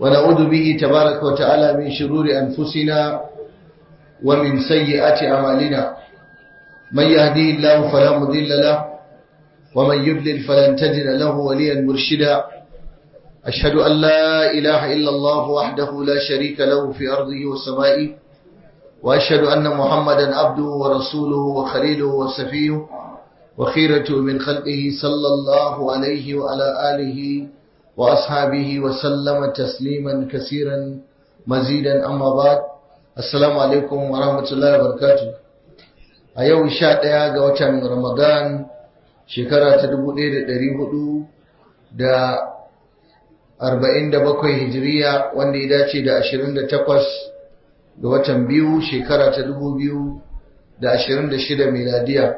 ونعوذ به تبارك وتعالى من شرور أنفسنا ومن سيئات أعمالنا من يهديه الله فلا مضل له ومن يضلل فلن تجد له وليا مرشدا أشهد أن لا إله إلا الله وحده لا شريك له في أرضه وسمائه وأشهد أن محمدا عبده ورسوله وخليله وسفيه وخيرته من خلقه صلى الله عليه وعلى آله وسلم وأصحابه وسلم تسليما كثيرا مزيدا أما بعد السلام عليكم ورحمة الله وبركاته a yau sha ɗaya ga watan ramadan shekara ta dubu ɗaya da ɗari hudu da arba'in da bakwai hijiriya wanda ya dace da ashirin da takwas ga watan biyu shekara ta dubu biyu da ashirin da shida miladiya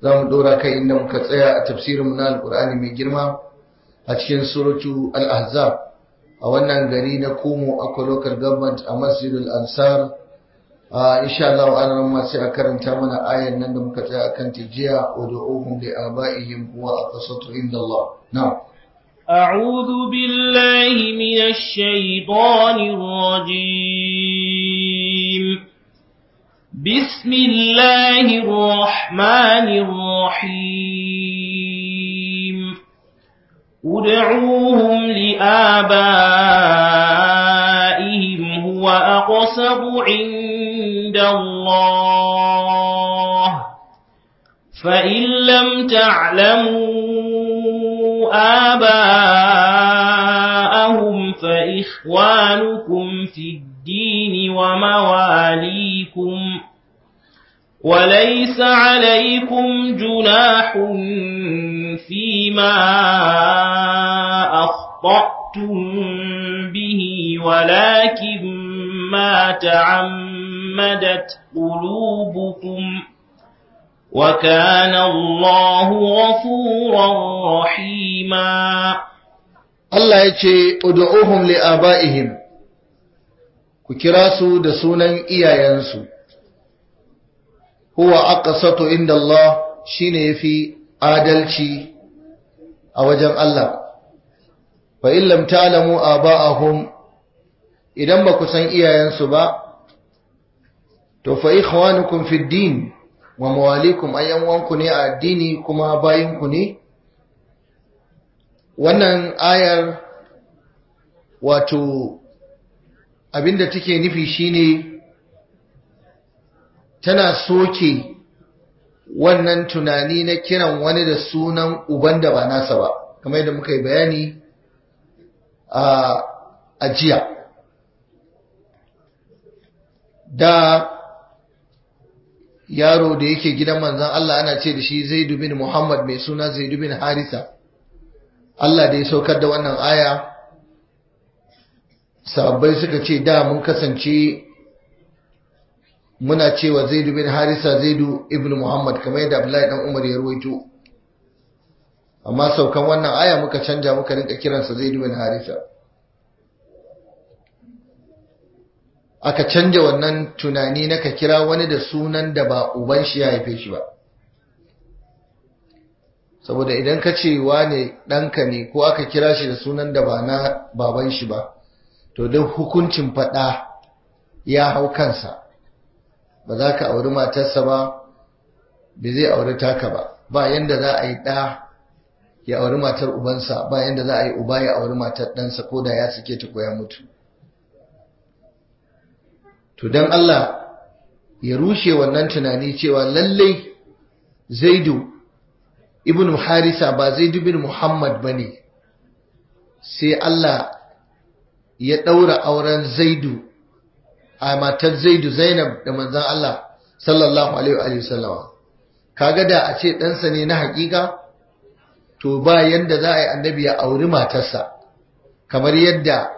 za mu ɗora kai inda muka tsaya a tafsirinmu na alƙur'ani mai girma a cikin suratu al-ahzab a wannan gari na kumo akwai local government a masjidul ansar a insha Allah an ramma sai a karanta mana ayan nan da muka tsaya akan tijiya ud'uhum li abaihim huwa aqsatu inda Allah na'am أعوذ بالله من الشيطان الرجيم بسم الله الرحمن الرحيم ادعوهم لآبائهم هو أقسط عند الله فإن لم تعلموا آباءهم فإخوانكم في الدين ومواليكم وليس عليكم جناح فيما أخطأتم به ولكن ما تعمدت قلوبكم وكان الله غفورا رحيما Allah ya ce, Udu'uhum li'aba'ihim, ku kira su da sunan iyayensu, huwa aka inda Allah shi ne ya fi adalci a wajen Allah. fa in lam ta'lamu aba'ahum idan ba ku san iyayensu ba to fa ikhwanukum fi din wa mawalikum ayyan wanku ne a addini kuma bayinku ne wannan ayar wato abinda take nufi shine tana soke wannan tunani na kiran wani da sunan uban da ba nasa ba kamar yadda muka yi bayani a jiya da yaro da yake gidan manzan Allah ana ce da shi zaidu bin Muhammad mai suna zaidu bin Harisa Allah da ya saukar da wannan aya sabbai suka ce da mun kasance muna cewa zaidu bin Harisa zaidu ibn Muhammad kamar yadda Abdullahi dan Umar ya ruwaito amma saukan wannan aya muka canja muka rinka kiransa zai bin harisa aka canja wannan tunani na ka kira wani da sunan da ba uban shi ya haife shi ba saboda idan ka ce wane ɗanka ne ko aka kira shi da sunan da ba na baban shi ba to duk hukuncin faɗa ya hau kansa ba za ka auri matarsa ba ba zai auri taka ba ba yanda za a yi ɗa ya auri matar ubansa bayan da za a yi uba ya auri matar ɗansa ko da ya suke ta ko mutu to don Allah ya rushe wannan tunani cewa lallai zaidu ibn harisa ba zaidu bin muhammad ba ne sai Allah ya ɗaura auren zaidu a matar zaidu zainab da manzan Allah sallallahu alaihi wa kaga da a ce ɗansa ne na hakika to ba yadda za a yi annabi ya auri matarsa kamar yadda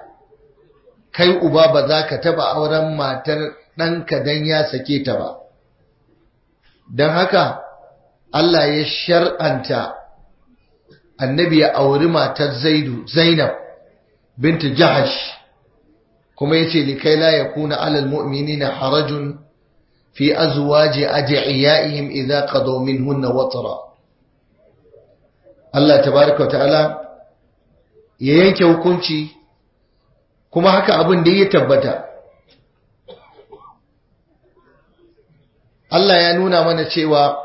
kai uba ba za ka taba auren matar ɗanka don ya sake ta ba don haka Allah ya shar'anta annabi ya auri matar zaidu zainab binta jahash kuma ya ce likai la ya kuna alal mu'mini na harajun fi azuwaji ajiyaihim idza qadaw hunna watara Allah tabaraka wa ta'ala ya yanke hukunci kuma haka abin da ya tabbata Allah ya nuna mana cewa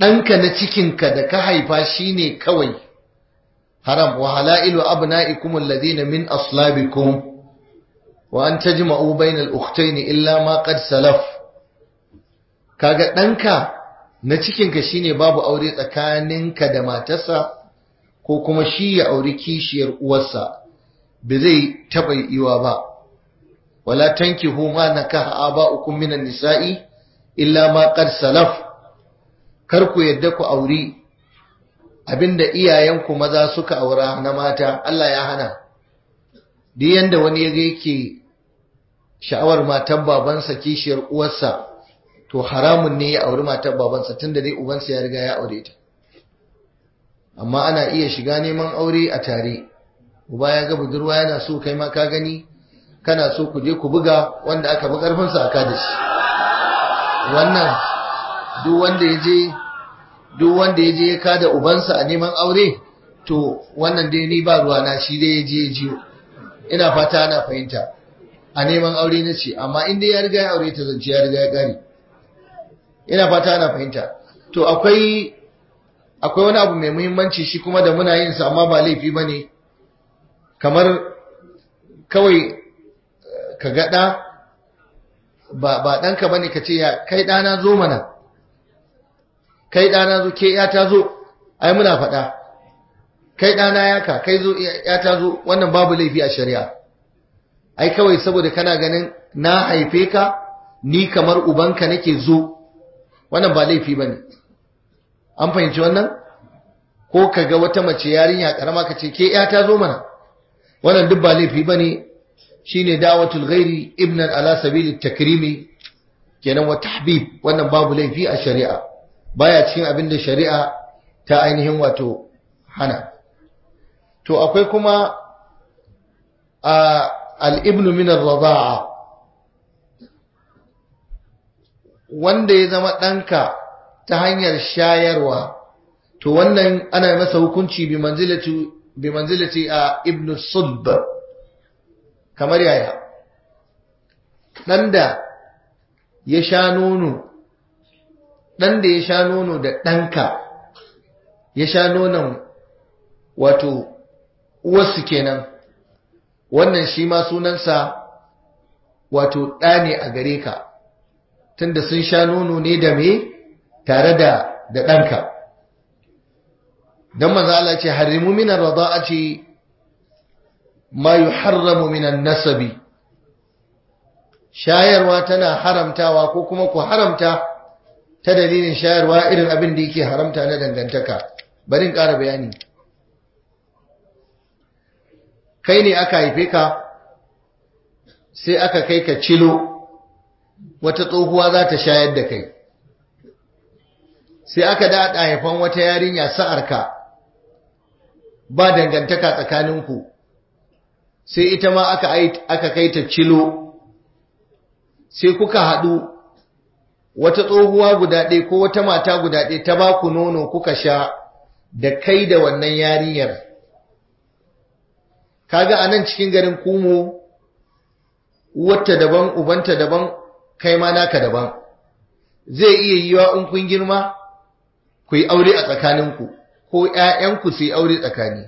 ɗanka na cikinka da ka haifa shine kawai haram wa halailu abna'ikum alladhina min aslabikum wa an tajma'u bainal ukhtayn illa ma salaf kaga ɗanka na cikinka shine babu aure tsakaninka da matarsa ko kuma shi ya auri kishiyar uwarsa ba zai taɓa yiwa ba wala tanki na ma ba ukun minan nisa'i illa ma qad salaf kar ku yadda ku auri abinda iyayenku maza suka aura na mata Allah ya hana duk yanda wani ya yake sha'awar matan babansa kishiyar uwarsa to haramun ne ya auri matar babansa tunda dai ubansa ya riga ya aure ta amma ana iya shiga neman aure a tare uba ya ga budurwa yana so kai ma ka gani kana so ku je ku buga wanda aka bi karfin sa aka da shi wannan duk wanda ya je duk wanda ya je ya kada ubansa a neman aure to wannan dai ni ba ruwa na shi dai ya je ya jiyo ina fata ana fahimta a neman aure na ce amma in dai ya riga ya aure ta zance ya riga ya gari ina fata ana fahimta to akwai akwai wani abu mai muhimmanci shi kuma da muna yin sa amma ba laifi bane kamar kawai eh, ka gada ba ba ba ɗanka bane ka ce ya kai dana zo mana kai dana zo ke ya ta zo ai muna faɗa kai ɗana yaka kai zo ya ta zo wannan babu laifi a shari'a ai kawai saboda kana ganin na haife ka ni kamar ubanka nake zo wannan ba laifi ba ne an fahimci wannan ko ka ga wata mace yarinya karama ka ce ke ya ta zo mana wannan duk ba laifi ba ne shi ne dawatul ghairi ibnan ala sabili takrimi kenan wa tahbib wannan babu laifi a shari'a baya cikin abin da shari'a ta ainihin wato hana to akwai kuma al-ibnu min ar wanda ya zama ɗanka ta hanyar shayarwa to wannan ana masa hukunci bi manzilati a ibn sulb kamar yaya ɗan da ya sha nono ɗan da ya sha nono da ɗanka ya sha nonon wato uwarsu kenan wannan shi ma sunansa wato ɗa ne a gare ka tunda sun sha nono ne da me tare da da ɗanka don maza'ala ce harimu minan a ce ma yi haramu minan nasabi shayarwa tana haramtawa ko kuma ku haramta ta dalilin shayarwa irin abin da yake haramta na dangantaka barin ƙara bayani kai ne aka haife ka sai aka kai ka cilo wata tsohuwa za ta shayar da kai sai aka daɗa haifan wata yarinya sa'arka ba dangantaka tsakaninku sai ita ma aka kai ta cilo sai kuka haɗu wata tsohuwa guda ɗaya ko wata mata guda ɗaya ta ba ku nono kuka sha da kai da wannan yarinyar kaga anan cikin garin kumo wata daban ubanta daban kai ma naka daban zai iya yiwa in kun girma ku yi aure a tsakaninku ko ‘ya'yanku su yi aure tsakani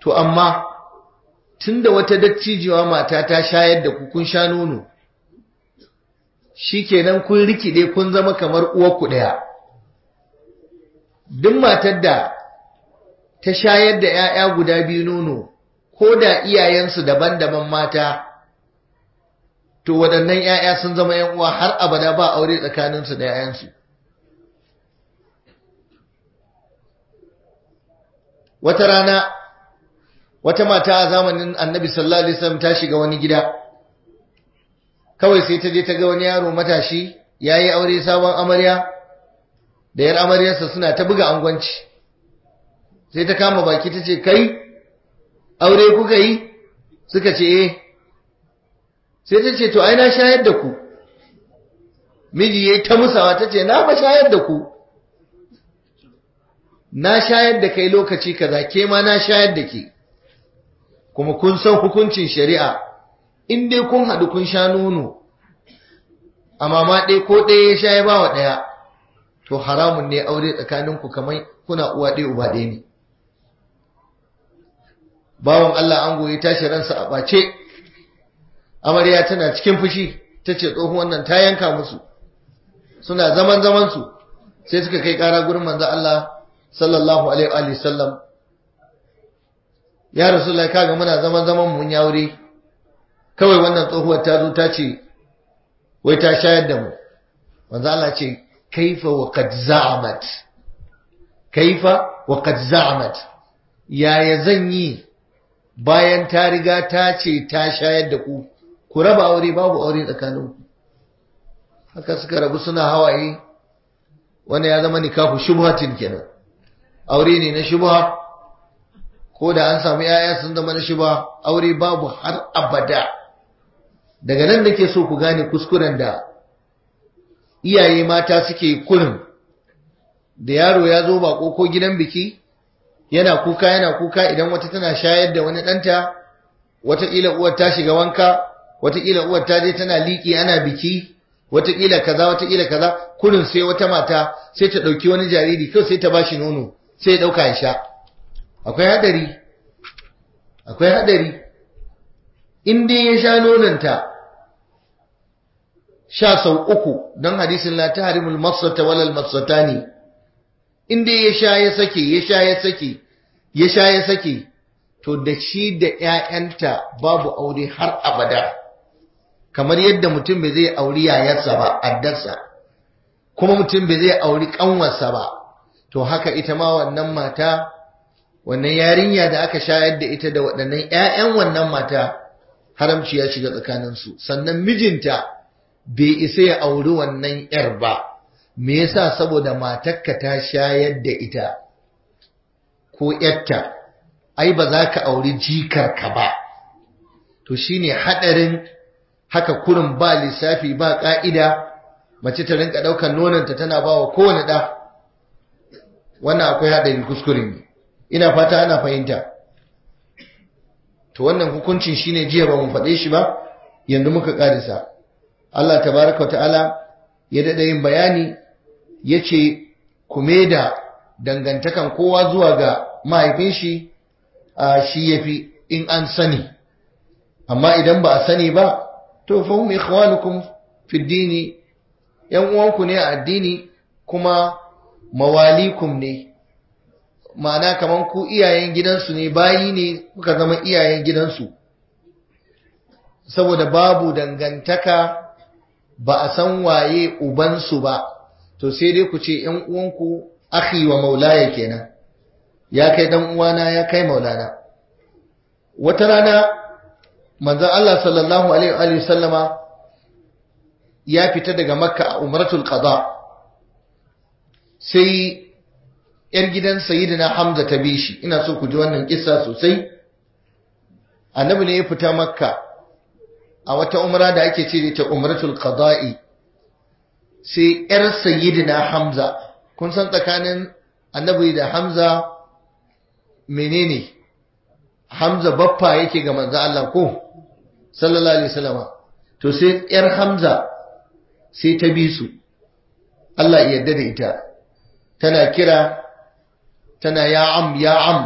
to amma tun da wata dattijewa mata ta shayar da ku kun sha nono shi kenan kun rikide kun zama kamar ku ɗaya duk matar da ta shayar da ‘ya'ya guda biyu nono ko da iyayensu daban-daban mata to waɗannan 'ya'ya sun zama 'yan uwa har abada ba aure tsakaninsu da 'ya'yansu wata rana wata mata a zamanin annabi sallallahu alaihi wasallam ta shiga wani gida kawai sai ta je ta ga wani yaro matashi yayi aure sabon amarya da yar amaryarsa suna ta buga angwanci sai ta kama baki ta ce kai aure kuka yi suka ce eh sai ta ce to ai na shayar da ku miji yayi ta musawa ta ce na ba shayar da ku na shayar da kai lokaci kaza ke ma na shayar da ke kuma kun san hukuncin shari'a in dai kun haɗu kun sha nono amma ma dai ko ɗaya ya shaye ba wa daya, to haramun ne aure tsakanin ku kamar kuna uwa dai uba ɗaya ne bawan Allah an goyi tashi ransa a bace amarya tana cikin fushi ta ce tsohon wannan ta yanka musu suna zaman zaman su sai suka kai kara gurin manzan Allah sallallahu alaihi wa sallam ya rasulullahi kaga muna zaman zaman mun ya wuri kawai wannan tsohuwar ta zo ta ce wai ta shayar da mu manzan Allah ce kaifa wa qad kaifa wa qad yaya zan yi bayan ta riga ta ce ta shayar da ku ku raba aure babu aure tsakaninku haka suka rabu suna hawaye wani ya zama nikahu shubhatin kenan aure ne na shubha ko da an samu yaya sun zama na shubha aure babu har abada daga nan nake so ku gane kuskuren da iyaye mata suke kurin da yaro ya zo bako ko gidan biki yana kuka yana kuka idan wata tana shayar da wani ɗanta wataƙila uwar ta shiga wanka watakila uwar ta je tana liki ana biki watakila kaza watakila kaza kurin sai wata mata sai ta dauki wani jariri kyau sai ta bashi nono sai ya dauka ya sha akwai hadari akwai hadari in dai ya sha nononta sha sau uku don hadisin la tahrimul masata walal masatani in dai ya sha ya sake ya sha ya sake ya sha ya sake to da shi da 'ya'yanta babu aure har abada kamar yadda mutum bai zai auri yayarsa ba addarsa kuma mutum bai zai auri kanwarsa ba to haka ita ma wannan mata wannan yarinya da aka shayar da ita da waɗannan 'ya'yan wannan mata haramci ya shiga tsakaninsu sannan mijinta bai isa ya auri wannan 'yar ba me yasa saboda matarka ta shayar da ita ko 'yarta ai ba za ka auri jikarka ba to shi ne haɗarin haka kurin ba lissafi ba ƙa'ida mace ta rinka ɗaukar nonanta tana ba wa kowane ɗa wannan akwai haɗari kuskure ne ina fata ana fahimta to wannan hukuncin shine jiya ba mu faɗe shi ba yanzu muka ƙarisa Allah tabaraka ta'ala ya daɗa yin bayani ya ce kume da dangantakan kowa zuwa ga mahaifin shi a shi ya fi in an sani amma idan ba a sani ba to fahim ikhwanukum fi dini yan uwanku ne a addini kuma mawalikum ne ma'ana kaman ku iyayen gidansu ne bayi ne kuka zama iyayen gidansu saboda babu dangantaka ba a san waye ubansu ba to sai dai ku ce ‘yan uwanku akhi wa maulaya kenan ya kai dan uwana ya kai maulana wata rana manzan Allah sallallahu alaihi wa sallama ya fita daga makka a umratul qada sai yar gidan sayyidina hamza ta bi shi ina so ku ji wannan kisa sosai annabi ne ya fita makka a wata umra da ake ce ta umratul qada'i sai yar sayyidina hamza kun san tsakanin annabi da hamza menene hamza baffa yake ga manzo Allah ko sallallahu alaihi salama. to sai yar hamza sai ta bi su Allah ya yarda da ita tana kira tana ya am ya am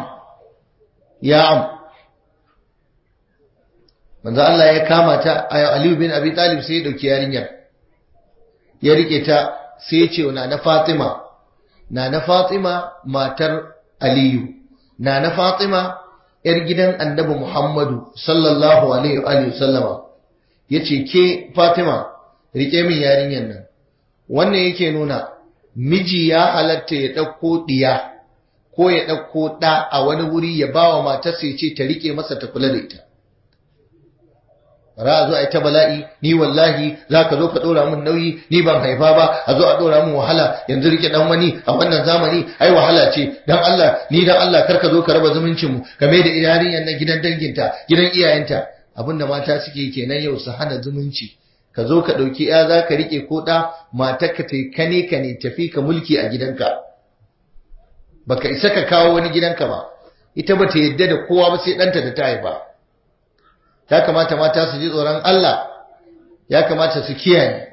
ya am manzo Allah ya kama ta Aliyu bin Abi Talib sai ya dauki yarinyar ya rike ta sai ya ce wa na Fatima na na Fatima matar Aliyu na na Fatima 'yar gidan annabi Muhammadu sallallahu alaihi wa sallama ya ce ke Fatima riƙe min yarinyar nan wannan yake nuna miji ya halatta ya ɗauko ɗiya ko ya ɗauko ɗa a wani wuri ya ba wa matarsa ya ce ta riƙe masa ta kula da ita a zo a yi ta bala'i ni wallahi za ka zo ka ɗora min nauyi ni ban haifa ba a zo a ɗora min wahala yanzu rike ɗan wani a wannan zamani ai wahala ce dan Allah ni dan Allah kar ka zo ka raba zumuncin mu game da yarinyar na gidan danginta gidan iyayenta abinda mata suke kenan yau su hana zumunci ka zo ka ɗauki ya za ka rike ko ɗa mata ka ta kane ka ne tafi ka mulki a gidanka baka isa ka kawo wani gidanka ba ita ba ta yadda da kowa ba sai ɗanta da ta haifa ya kamata mata su ji tsoron Allah ya kamata su kiyaye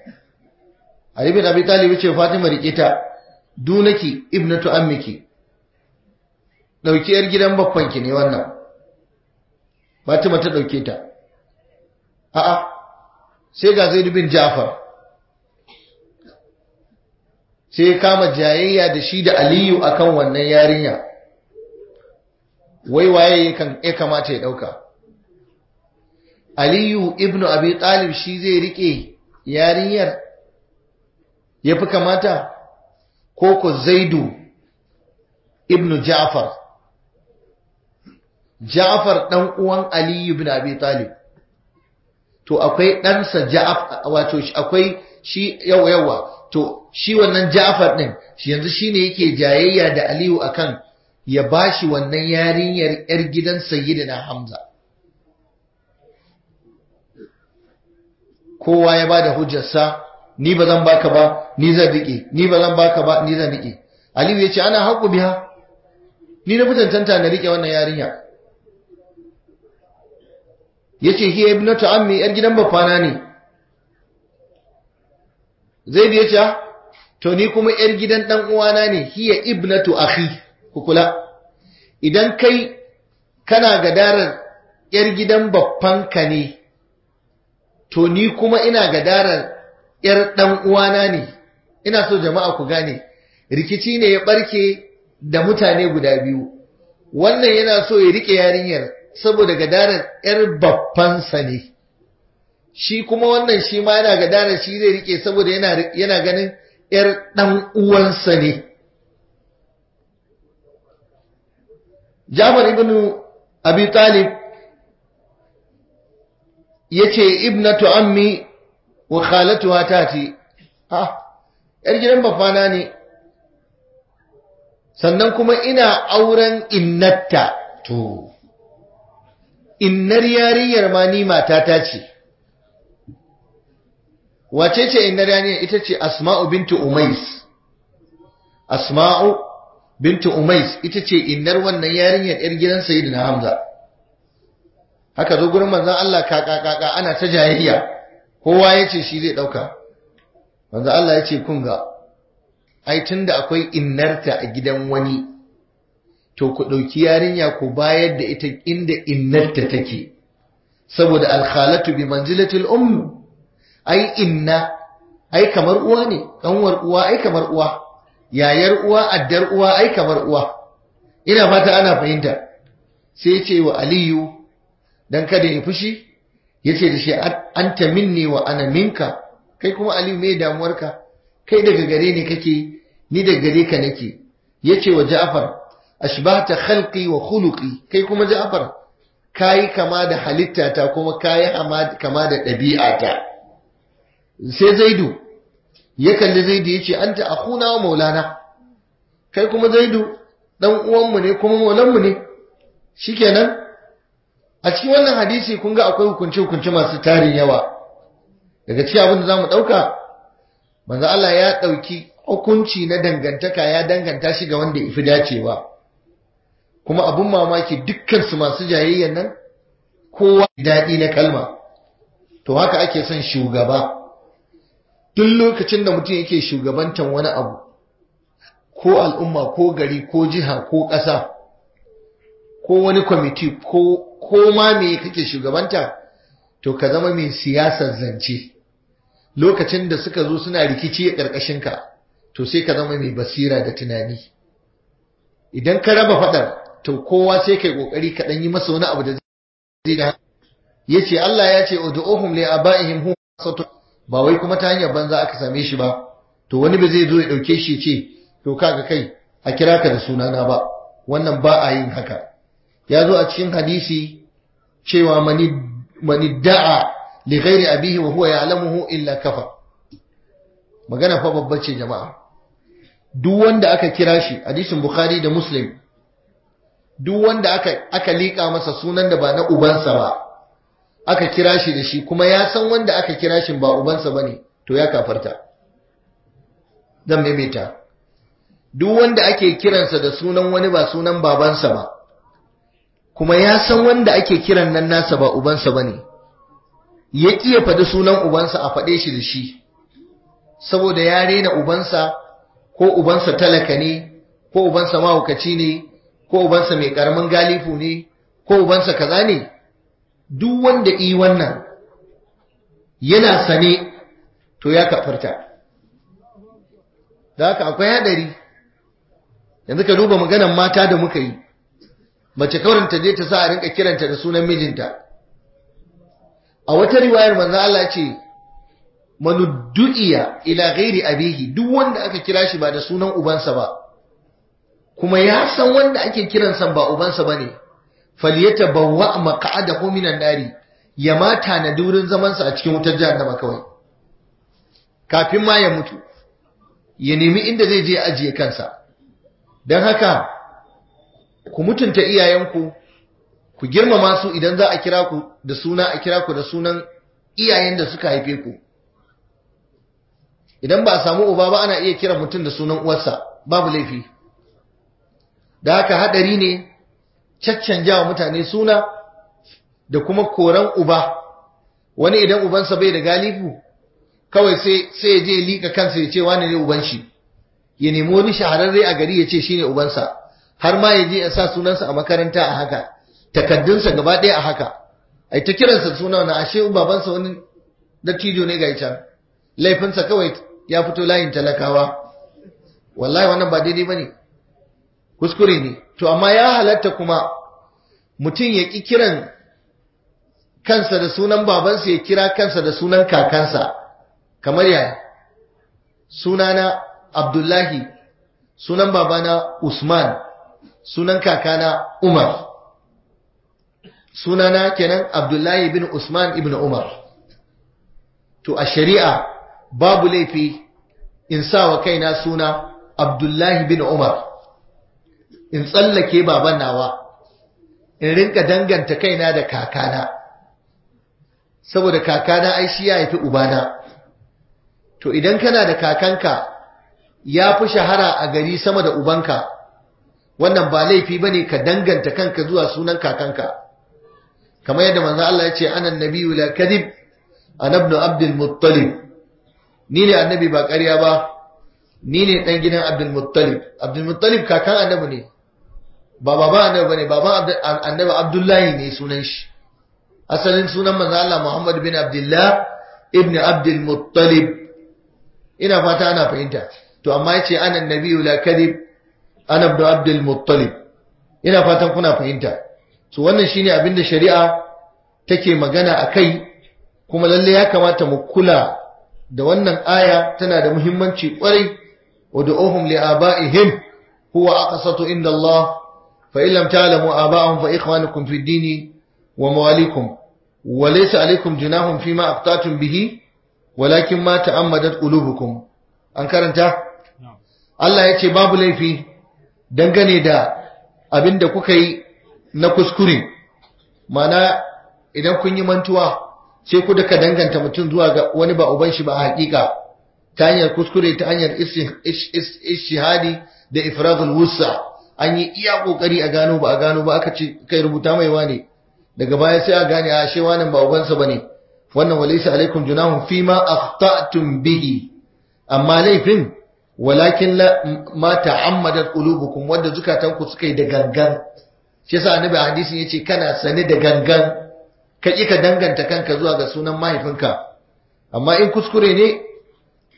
Ali bin Abi Talib ce Fatima rikita dunaki ibnatu ammiki dauki yar gidan ki ne wannan Fatima ta dauke ta a'a sai ga Zaid bin Ja'far sai ya kama jayayya da shi da Aliyu akan wannan yarinya wai waye ya kamata ya dauka aliyu Ibn abi talib shi zai rike yarinyar ya fi kamata ko ko zaidu Ibn ja'far ja'far dan uwan aliyu Ibn abi talib to akwai ɗansa ja'af wato akwai shi yawa yawa to shi wannan ja'far din yanzu shine yake jayayya da aliyu akan ya bashi wannan yarinyar yar gidan sayyidina hamza kowa ya bada hujjarsa ni ba zan baka ba ni zan riƙe. ni ba zan baka ba ni zan riƙe. aliyu ya ce ana haƙu biya ni na mutuntanta na riƙe wannan yarinya ya ce hiya ibnatu ammi yar gidan bafana ne Zai ya ce ah, to ni kuma yar gidan dan uwana ne hiya ibnatu akhi kukula idan kai kana gadarar yar gidan baffanka ne to ni kuma ina gadarar ‘yar ɗan uwana ne, ina so jama'a ku gane, rikici ne ya ɓarke da mutane guda biyu, wannan yana so ya riƙe yarinyar saboda gadarar ‘yar babbansa ne, shi kuma wannan shi ma yana gadarar shi zai riƙe saboda yana ganin ‘yar ɗan uwansa ne. Jafar ibn Abi Talib yace ibnatu ammi wa khalatuha tati ha yar gidan bafana ne sannan kuma ina auren innatta to innar yarinyar ma ni matata ce wace ce innar yarinyar ita ce asma'u bintu umais asma'u bintu umais ita ce innar wannan yarinyar yar gidan sayyidina hamza Haka zo gurin manzan Allah kakakaka ana ta jayayya kowa ya ce shi zai ɗauka manzan Allah ya ce kun ga ai tunda akwai innarta a gidan wani to ku ɗauki yarinya ku bayar da ita inda innarta take saboda alkhalatu bi manzilatil um ai inna ai kamar uwa ne kanwar uwa ai kamar uwa yayar uwa addar uwa ai kamar uwa ina fata ana fahimta sai ce wa aliyu dan kada ya fushi yace da shi anta minni wa ana minka kai kuma aliyu me damuwarka kai daga gare ne kake ni daga gare ka nake yace wa ja'far ashbahta khalqi wa khuluqi kai kuma ja'far kayi kama da halittata kuma kayi kama da ta sai zaidu ya kalli zaidu ya ce anta akhuna wa maulana kai kuma zaidu dan uwanmu ne kuma maulanmu ne shikenan a cikin wannan hadisi kun ga akwai hukunci hukunci masu tarin yawa daga cikin abin da za mu ɗauka manzo Allah ya ɗauki hukunci na dangantaka ya danganta shi ga wanda ifi dacewa kuma abun mamaki dukkan su masu jayayyan nan kowa daɗi na kalma to haka ake son shugaba duk lokacin da mutum yake shugabantan wani abu ko al'umma ko gari ko jiha ko ƙasa ko wani kwamiti ko ko ma me kake shugabanta to ka zama mai siyasar zance lokacin da suka zo suna rikici a ƙarƙashin ka to sai ka zama mai basira da tunani idan ka raba faɗar to kowa sai kai kokari ka dan yi masa wani abu da zai da yace Allah ya ce ud'uhum li abaihim hum ba wai kuma ta hanyar banza aka same shi ba to wani ba zai zo ya dauke shi ce to kaga kai a kira ka da sunana ba wannan ba a yin haka ya zo a cikin hadisi cewa mani da'a li ghairi abihi wa huwa ya'lamuhu illa kafa magana fa babban ce jama'a duk wanda aka kira shi hadisin bukhari da muslim duk wanda aka aka lika masa sunan da ba na ubansa ba aka kira shi da shi kuma ya san wanda aka kira shi ba ubansa bane to ya kafarta zan maimaita duk wanda ake kiransa da sunan wani ba sunan babansa ba kuma ya san wanda ake kiran nan nasa ba ubansa bane ne ya kiya fadi faɗi sunan ubansa a faɗe shi da shi saboda ya rena ubansa ko ubansa talaka ne ko ubansa mahaukaci ne ko ubansa mai karamin galifu ne ko ubansa kaza ne duk wanda yi wannan yana sane to ya kafarta da haka akwai hadari yanzu ka duba maganan mata da muka yi mace kawarin ta je ta sa a rinka kiranta da sunan mijinta a wata riwayar manzo Allah ce manuddu'iya ila ghairi abihi duk wanda aka kira shi ba da sunan ubansa ba kuma ya san wanda ake kiran kiransa ba ubansa bane falyatabawwa maq'adahu minan nari ya ma tanadi wurin zamansa a cikin wutar jahannama kawai kafin ma ya mutu ya nemi inda zai je ajiye kansa dan haka ku mutunta iyayenku ku girmama su idan za a kira ku da suna a kira ku da sunan iyayen da suka haife ku idan ba a samu uba ba ana iya kira mutum da sunan uwarsa babu laifi da haka hadari ne wa mutane suna da kuma koran uba wani idan ubansa bai da galibu kawai sai sai je lika kansa ya ce wani ne uban shi ya nemi wani shahararre a gari ya ce shine ubansa har ma ya je ya sa sunansa a makaranta a haka takaddunsa gaba ɗaya a haka ai ta kiransa suna na ashe babansa wani dattijo ne ga can laifinsa kawai ya fito layin talakawa wallahi wannan ba daidai bane kuskure ne to amma ya halatta kuma mutum ya ki kiran kansa da sunan babansa ya kira kansa da sunan kakansa kamar yaya sunana abdullahi sunan babana usman sunan kakana Umar sunana kenan Abdullahi bin Usman ibn Umar to a shari'a babu laifi in sa wa kaina suna Abdullahi bin Umar in tsallake baban nawa in rinka danganta kaina da kakana saboda kakana ai shi ya haifi ubana to idan kana da kakanka ya fi shahara a gari sama da ubanka wannan ba laifi bane ka danganta kanka zuwa sunan kakanka kamar yadda manzo Allah ya ce ana nabiyyu la kadib ana ibn abdul muttalib ni ne annabi ba ƙarya ba ni ne dan gidan abdul muttalib abdul muttalib kakan annabi ne ba baba annabi bane baba annabi abdullahi ne sunan shi asalin sunan manzo Allah Muhammad bin Abdullah ibn Abdul Muttalib ina fata ana fahimta to amma yace ana nabiyyu la kadib ana ibn abdul muttalib ina fatan kuna fahimta to wannan shine abin da shari'a take magana akai kuma lalle ya kamata mu kula da wannan aya tana da muhimmanci kwarai wad'uhum aba'ihim huwa aqsatu inda Allah fa in lam ta'lamu aba'ahum fa ikhwanukum fid dini wa mawalikum wa laysa alaykum junahun fima aqtatum bihi walakin ma ta'ammadat qulubukum an karanta Allah ya ce babu laifi dangane da abin da kuka yi na kuskure mana idan kun yi mantuwa sai ku duka danganta mutum zuwa ga wani ba uban shi ba a hakika ta hanyar kuskure ta hanyar ishihadi da ifradul wusa an yi iya kokari a gano ba a gano ba aka ce kai rubuta mai wane daga baya sai a gane a she wannan ba ubansa bane wannan walaysa alaikum junahum fima akhta'tum bihi amma laifin walakin ma ta'ammadat qulubukum wanda zukatanku suka yi da gangan shi yasa annabi a hadisin yace kana sane da gangan ka ki ka danganta kanka zuwa ga sunan mahaifinka amma in kuskure ne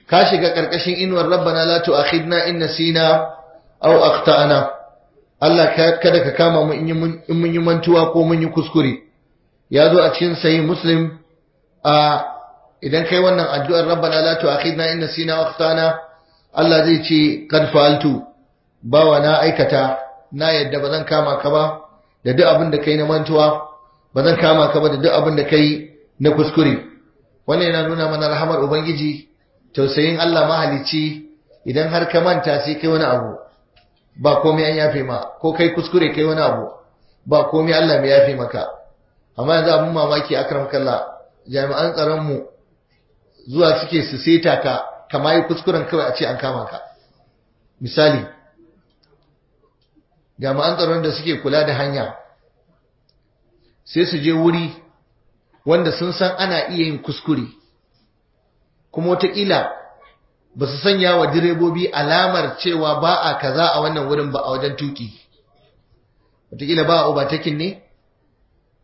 ka shiga karkashin inuwar rabbana la tu'akhidna in nasina aw akhtana Allah kada ka kama mu in mun yi mantuwa ko mun yi kuskure ya zo a cikin sahih muslim a idan kai wannan addu'ar rabbana la tu'akhidna in nasina aw akhtana Allah zai ce kad fa'altu bawa na aikata na yadda ba zan kama ka ba da duk abin da kai na mantuwa ba zan kama ka ba da duk abin da kai na kuskure wannan yana nuna mana rahamar ubangiji tausayin Allah mahalicci idan har ka manta sai kai wani abu ba komai an yafe ma ko kai kuskure kai wani abu ba komai Allah mai yafe maka amma yanzu abin mamaki akram jami'an tsaron mu zuwa suke su seta ka kama yi kuskuren kawai a ce an kama ka misali ga ma'antarwar tsaron da suke kula da hanya sai su je wuri wanda sun san ana iya yin kuskure kuma watakila ba su sanya wa direbobi alamar cewa ba a kaza a wannan wurin ba a wajen tuki wataƙila ba a obatakin ne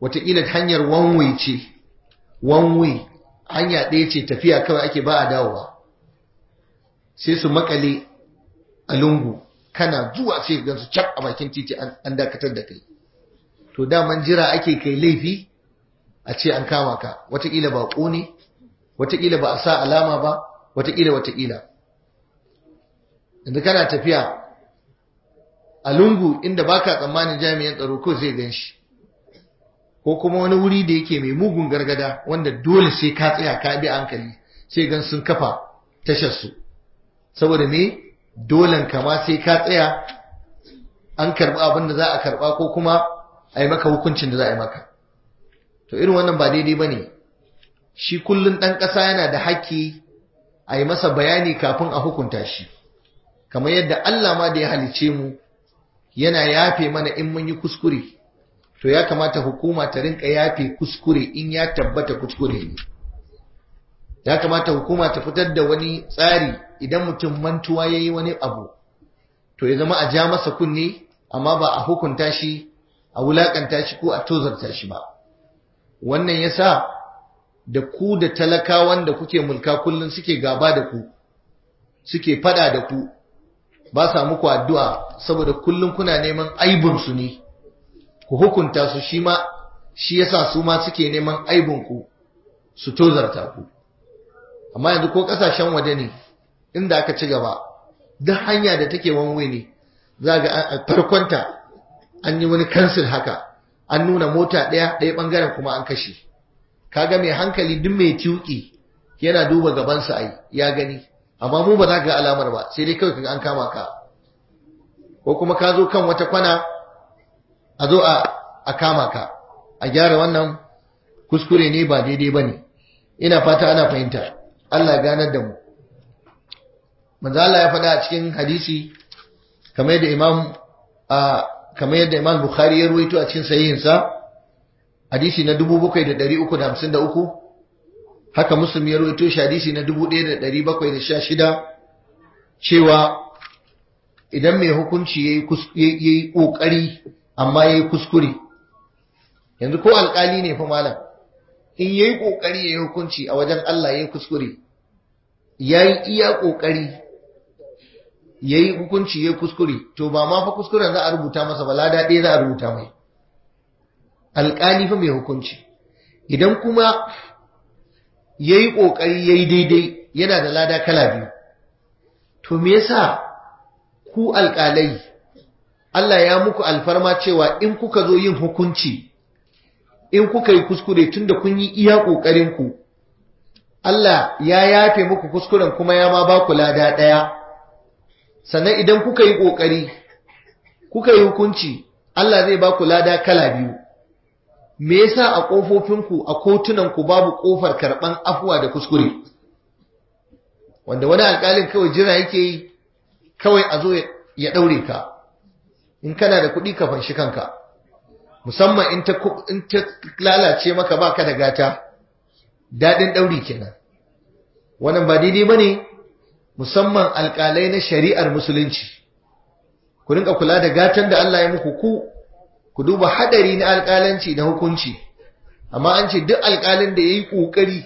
wataƙila hanyar wanwe ce wanwe hanya ɗaya ce tafiya kawai ake ba a dawowa sai su makale a lungu kana zuwa sai ga su cak a bakin titi an dakatar da kai to daman jira ake kai laifi a ce an kama ka wataƙila ba ƙone wataƙila ba a sa alama ba wataƙila wataƙila inda kana tafiya a lungu inda baka tsammanin jami'an tsaro ko zai gan ko kuma wani wuri da yake mai mugun gargada wanda dole sai ka tsaya ka bi hankali sai gan sun kafa tashar su saboda me dolan kama sai ka tsaya an karɓi abin da za a karɓa ko kuma a yi maka hukuncin da za a yi maka to irin wannan ba daidai ba ne shi kullum ɗan ƙasa yana da haƙƙi a yi masa bayani kafin a hukunta shi kamar yadda Allah ma da ya halice mu yana yafe mana in mun yi kuskure to ya kamata hukuma ta rinka yafe kuskure in ya tabbata kuskure ne ya kamata hukuma ta fitar da wani tsari idan mutum mantuwa ya yi wani abu to ya zama a ja masa kunne amma ba a hukunta shi a wulakanta shi ko a tozarta shi ba wannan ya sa da ku da talakawan da kuke mulka kullum suke gaba da ku suke fada da ku ba sa muku addu'a saboda kullum kuna neman aibinsu ne ku hukunta su shi ma shi yasa su ma suke neman aibinku su tozarta ku amma yanzu ko kasashen waje ne inda aka ci gaba duk hanya da take wanwe ne za ga farkonta an yi wani kansil haka an nuna mota ɗaya ɗaya ɓangaren kuma an kashe ka ga mai hankali duk mai tuƙi yana duba gabansa ai ya gani amma mu ba za ga alamar ba sai dai kawai an kama ka ko kuma ka zo kan wata kwana a zo a kama ka a gyara wannan kuskure ne ba daidai ba ne ina fata ana fahimta Allah ganar da mu manzo Allah ya faɗa a cikin hadisi kamar yadda imam a kamar yadda imam Bukhari ya ruwaito a cikin sahihinsa hadisi na 7353 haka Muslim ya ruwaito shi hadisi na 1716 cewa idan mai hukunci yayi yayi kokari amma yayi kuskure yanzu ko alkali ne fa malam in yayi kokari yayi hukunci a wajen Allah yayi kuskure ya yi iya ƙoƙari ya yi hukunci ya kuskure to ba ma fa kuskuren za a rubuta masa ba lada ɗaya za a rubuta mai alƙali fa mai hukunci idan kuma ya yi ƙoƙari ya yi daidai yana da lada kala biyu to me yasa ku alƙalai Allah ya muku alfarma cewa in kuka zo yin hukunci in kuka yi kuskure tunda kun yi iya ku Allah ya yafe muku kuskuren kuma ya ma ba ku lada ɗaya sannan idan kuka yi ƙoƙari kuka yi hukunci Allah zai ba ku lada kala biyu me yasa a ƙofofinku a kotunanku babu ƙofar karɓan afuwa da kuskure wanda wani alƙalin kawai jira yake yi kawai a zo ya ɗaure ka in kana da kuɗi ka fanshi kanka musamman in ta lalace maka baka da gata daɗin ɗauri kenan wannan ba daidai ba ne musamman alƙalai na shari'ar musulunci ku rinka kula da gatan da Allah ya muku ku ku duba hadari na alƙalanci da hukunci amma an ce duk alƙalin da ya yi ƙoƙari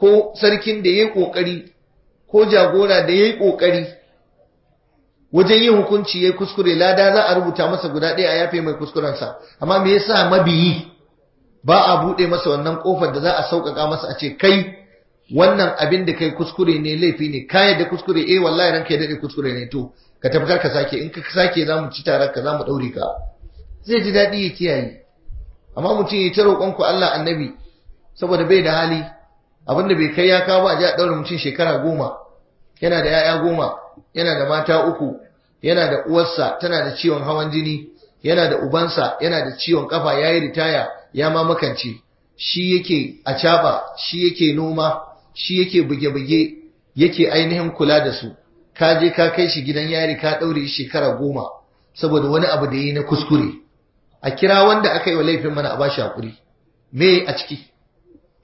ko sarkin da ya yi ƙoƙari ko jagora da ya yi ƙoƙari wajen yin hukunci ya kuskure lada za a rubuta masa guda ɗaya a yafe mai kuskurensa amma me yasa mabiyi ba a buɗe masa wannan ƙofar da za a sauƙaƙa masa a ce kai wannan abin da kai kuskure ne laifi ne ka yadda kuskure eh wallahi ranka yadda daɗe kuskure ne to ka tafi ka sake in ka sake za mu ci tare ka za mu ɗaure ka zai ji daɗi ya kiyaye amma mutum ya ta roƙon ku Allah annabi saboda bai da hali abin da bai kai ya kawo a ji a ɗaure mutum shekara goma yana da 'ya'ya goma yana da mata uku yana da uwarsa tana da ciwon hawan jini yana da ubansa yana da ciwon kafa yayi ritaya ya ma makance shi yake caba shi yake noma shi yake buge-buge yake ainihin kula da su ka je ka kai shi gidan yari ka ɗaure shekara goma saboda wani abu da yi na kuskure a kira wanda aka yi wa laifin mana a ba shi me a ciki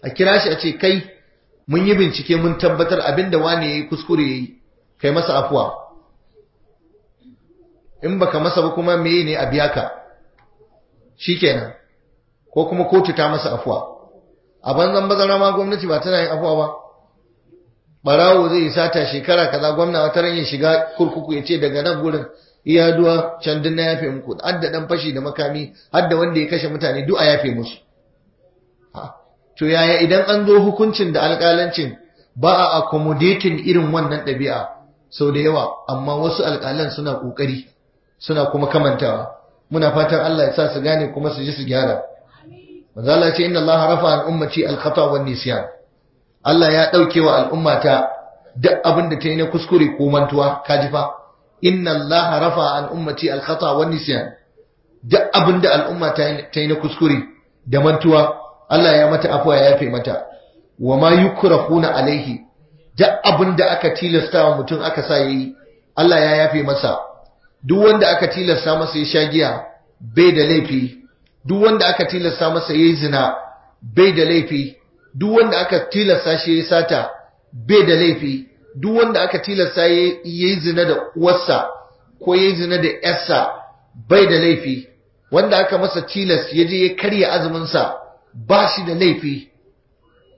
a kira shi a ce kai mun yi bincike mun tabbatar abin da wani ya yi kuskure ya yi kai masa afuwa in baka masa ba kuma me ne a biya ka shikenan ko kuma kotu ta masa afuwa a banzan bazara ma gwamnati ba tana yin afuwa ba barawo zai yi sata shekara kaza gwamna wata ran shiga kurkuku ya ce daga nan gurin iyaduwa can dinna ya fi muku hadda dan fashi da makami hadda wanda ya kashe mutane du'a ya fi musu to yaya idan an zo hukuncin da alƙalancin ba a accommodating irin wannan ɗabi'a sau da yawa amma wasu alƙalan suna ƙoƙari suna kuma kamantawa muna fatan Allah ya sa su gane kuma su ji su gyara manzo Allah ce inna Allah rafa an ummati al-khata wan nisyan Allah ya dauke wa al'ummata duk abin da ta yi na kuskure ko mantuwa kaji fa inna Allah rafa an ummati al-khata wan nisyan duk abin da al'umma ta yi na kuskure da mantuwa Allah ya mata afwa ya yafe mata wa ma yukrahuna alaihi duk abin da aka tilasta wa mutum aka sa yayi Allah ya yafe masa duk wanda aka tilasta masa ya sha giya bai da laifi duk wanda aka tilasta masa yayi zina bai da laifi duk wanda aka tilasta shi yayi sata bai da laifi duk wanda aka tilasta yayi zina da uwarsa ko yayi zina da yarsa bai da laifi wanda aka masa tilas ya je ya karya azumin sa ba shi da laifi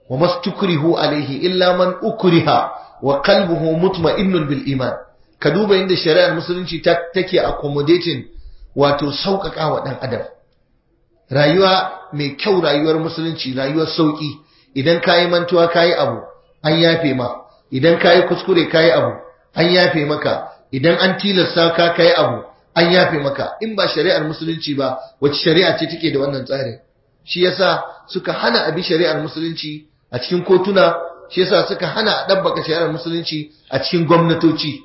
wa mastukrihu alaihi illa man ukriha wa qalbuhu mutma'innun bil iman ka duba inda shari'ar musulunci take accommodating wato sauƙaƙa wa ɗan adam rayuwa mai kyau rayuwar musulunci rayuwar sauki idan ka yi mantuwa ka yi abu an yafe ma idan ka yi kuskure ka yi abu an yafe maka idan an tilasta ka yi abu an yafe maka in ba shari'ar musulunci ba wacce shari'a ce take da wannan tsarin shi yasa suka hana abi shari'ar musulunci a cikin kotuna shi yasa suka hana a dabbaka shari'ar musulunci a cikin gwamnatoci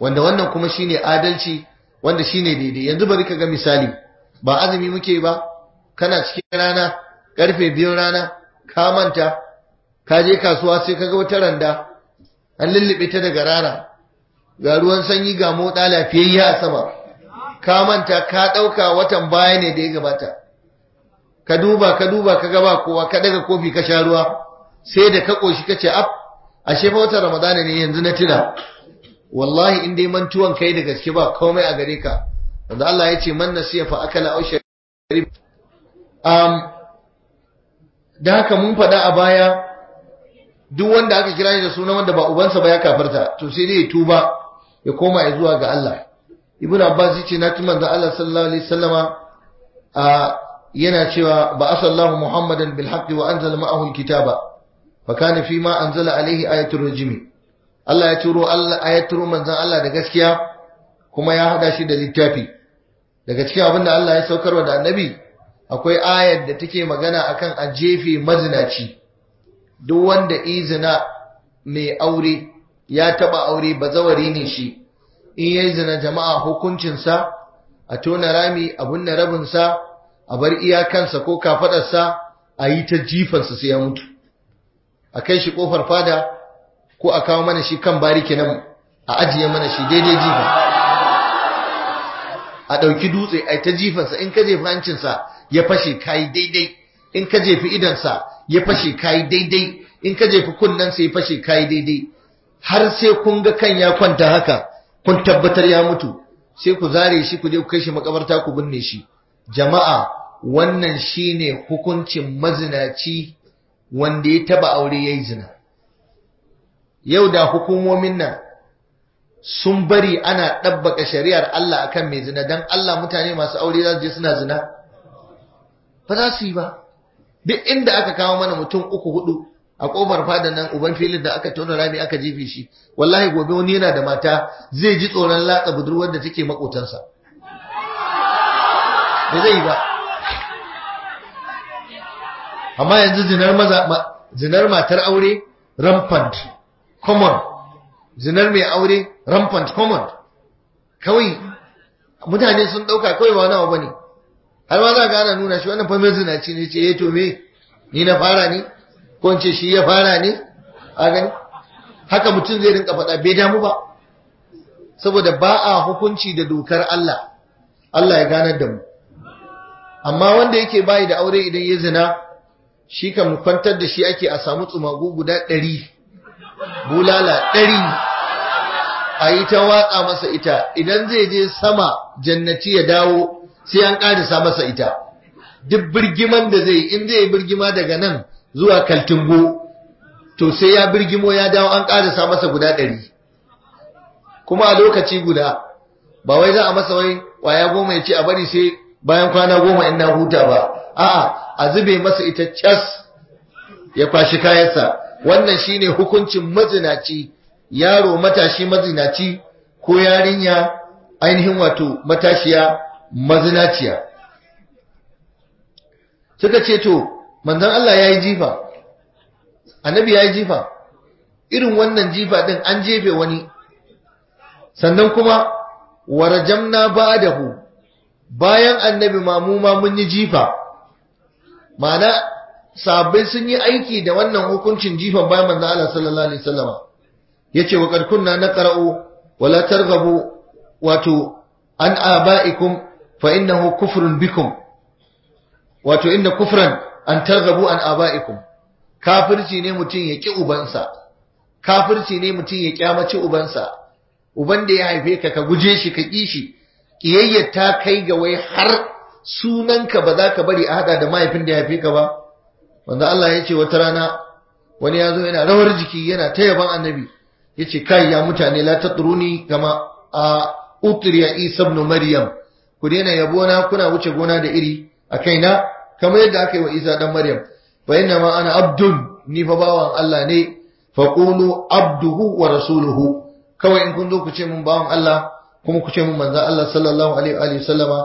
wanda wannan kuma shine adalci wanda shine daidai yanzu bari ka ga misali ba azumi muke ba kana cikin rana karfe biyun rana ka manta ka je kasuwa sai ka ga wata randa an lullube ta daga rana ga ruwan sanyi ga motsa lafiyayya a sama ka manta ka ɗauka watan baya ne da ya gabata ka duba ka duba ka gaba kowa ka daga kofi ka sha ruwa sai da ka ƙoshi ka ce af ashe fa watan ramadana ne yanzu na tuna wallahi in dai mantuwan kai da gaske ba komai a gare ka wanda Allah ya ce man nasiya fa akala aw sharib um da haka mun faɗa a baya duk wanda aka kira shi da sunan wanda ba ubansa ba ya kafarta to sai dai ya tuba ya koma ya zuwa ga Allah ibnu abbas yace na tuma da Allah sallallahu alaihi wasallama a yana cewa ba asallahu muhammadan bil haqqi wa anzala ma'ahu al kitaba fa kana fi ma anzala alaihi ayatul rajmi Allah ya turo Allah ayatul manzan Allah da gaskiya kuma ya hada shi da littafi daga cikin abin da Allah ya saukarwa da annabi akwai ayar da take magana akan a jefe mazinaci duk wanda izina mai aure ya taba aure bazawari ne shi in ya zina jama'a hukuncin sa, a tona rami abun na sa, a bar iyakansa ko sa a yi ta jifansa sai ya mutu a kai shi kofar fada ko a kawo mana shi kan bariki nan a ajiye mana shi daidai jifa a ɗauki dutse a ta jifansa in ka jefi hancinsa ya fashe kayi daidai in ka jefi idansa ya fashe kayi daidai in ka jefi kunnensa ya fashe kayi daidai har sai kun ga kan ya kwanta haka kun tabbatar ya mutu sai ku zare shi ku je ku kai shi makabarta ku binne shi jama'a wannan shine hukuncin mazinaci wanda ya taba aure yayi zina yau da hukumomin nan sun bari ana ɗabbaka shari'ar Allah a kan mai zina don Allah mutane masu aure za su je suna zina ba za su yi ba duk inda aka kawo mana mutum uku hudu a ƙofar fadan nan uban filin da aka tona rami aka jefe shi wallahi gobe wani yana da mata zai ji tsoron latsa budurwar da take makotansa ba zai yi ba amma yanzu zinar maza zinar matar aure rampant common zinar mai aure rampant common kawai mutane sun ɗauka kawai ba nawa bane har ma za ka ana nuna shi wannan fa na ne ce eh to me ni na fara ne ko in ce shi ya fara ne a gani haka mutum zai rinka faɗa bai damu ba saboda ba a hukunci da dokar Allah Allah ya ganar da mu amma wanda yake bayi da aure idan ya zina shi kan kwantar da shi ake a samu tsumagu guda ɗari bulala ɗari a yi ta watsa masa ita idan zai je sama jannaci ya dawo sai an ƙarisa masa ita duk birgiman da zai in zai birgima daga nan zuwa kaltungo, to sai ya birgimo ya dawo an ƙarisa masa guda ɗari kuma a lokaci guda ba wai za a masa wai waya goma ya ce a bari sai bayan kwana goma in na huta ba a'a a zube masa ita cas ya kwashi kayansa wannan shine hukuncin mazinaci yaro matashi mazinaci ko yarinya ainihin wato matashiya mazinaciya suka ce to manzon Allah ya yi jifa annabi ya yi jifa irin wannan jifa din an jefe wani sannan kuma warajamna ba'dahu bayan annabi mamuma mun yi jifa ma'ana sabbin sun yi aiki da wannan hukuncin jifan bayan manzon Allah sallallahu alaihi wasallama yace wa kad kunna naqra'u wala targhabu wato an aba'ikum fa innahu kufrun bikum wato inna kufran an targhabu an aba'ikum kafirci ne mutum ya ki ubansa kafirci ne mutum ya kyamaci ubansa uban da ya haife ka ka guje shi ka ki shi ta kai ga wai har sunanka ba za ka bari a hada da mahaifin da ya haife ka ba wanda Allah ya ce wata rana wani ya zo yana rawar jiki yana ta yaban annabi yace kai ya mutane la tatruni kama a utriya isa ibn maryam ku daina na kuna wuce gona da iri a kaina kamar yadda aka yi wa isa dan maryam fa inna ma ana abdun ni fa bawan Allah ne fa qulu abduhu wa rasuluhu kawai in kun zo ku ce mun bawan Allah kuma ku ce mun manzo Allah sallallahu alaihi wa sallama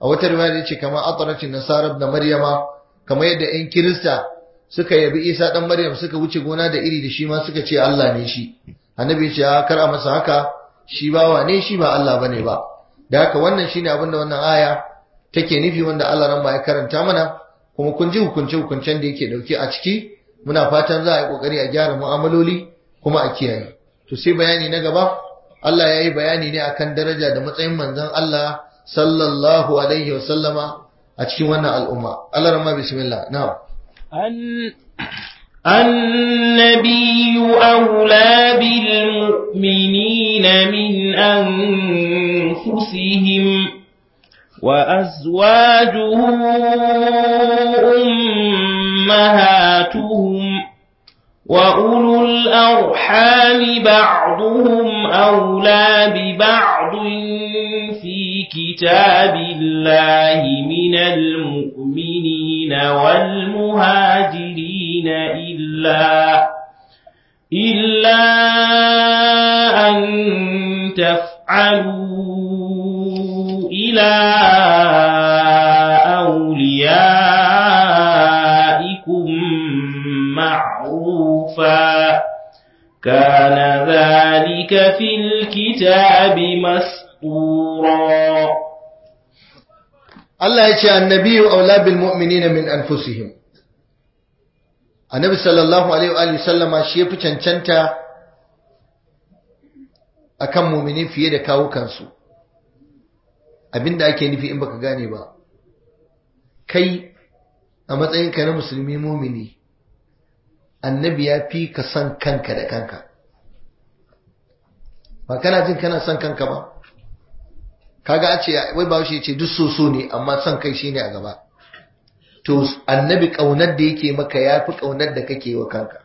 a wata riwaya yace kama atratin nasara da maryama kamar yadda ɗan kirista suka yabi isa dan maryam suka wuce gona da iri da shi ma suka ce Allah ne shi annabi ce ya ah, kar a masa haka shi ba wane shi ba Allah bane ba da haka wannan shine abin da wannan aya take nufi wanda Allah ran ya karanta mana kuma kun ji hukunce hukuncen da yake dauke a ciki muna fatan za a yi kokari a gyara mu'amaloli kuma a kiyaye to sai bayani na gaba Allah ya yi bayani ne akan daraja da matsayin manzon Allah sallallahu alaihi wa a cikin wannan al'umma Allah rahma bismillah na'am النبي أولى بالمؤمنين من أنفسهم وأزواجه أمهاتهم وأولو الأرحام بعضهم أولى ببعض في كتاب الله من المؤمنين والمهاجرين الدين إلا إلا أن تفعلوا إلى أوليائكم معروفا كان ذلك في الكتاب مسطورا الله يجعل النبي أولى بالمؤمنين من أنفسهم annabi sallallahu alaihi wa sallama shi yafi cancanta akan mumini fiye da kawo kansu abinda ake nufi in baka gane ba kai a matsayinka na musulmi mumini annabi ya fi ka san kanka da kanka ba kana jin kana son kanka ba kaga a ce wai ba shi ce duk so ne amma son kai shine a gaba to annabi ƙaunar da yake maka ya fi ƙaunar da kake wa kanka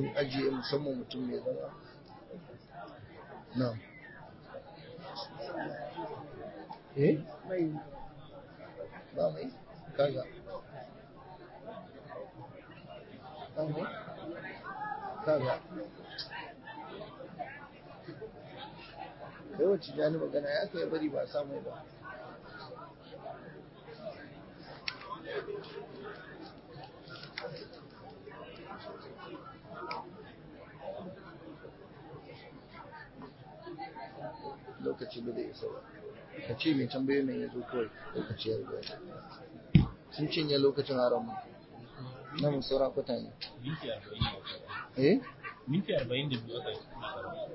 sun ajiye musamman mutum mai zama na eh? ba mai kaga kaga kai wacce jani magana ya kai bari ba samu ba lokaci ba da isa ba ka ce mai tambayoyin nan ya zo kawai lokaci ya sun cinye lokacin haramun na musora kwata ne minti arba'in da biyu eh?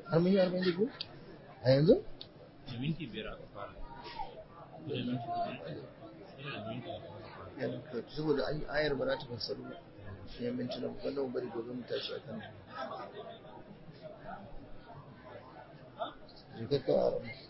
aka har da biyu a yanzu da minti biyar aka fara saboda ayar ba za ta fassaru ba ya minti na bari gobe mu tashi a kan que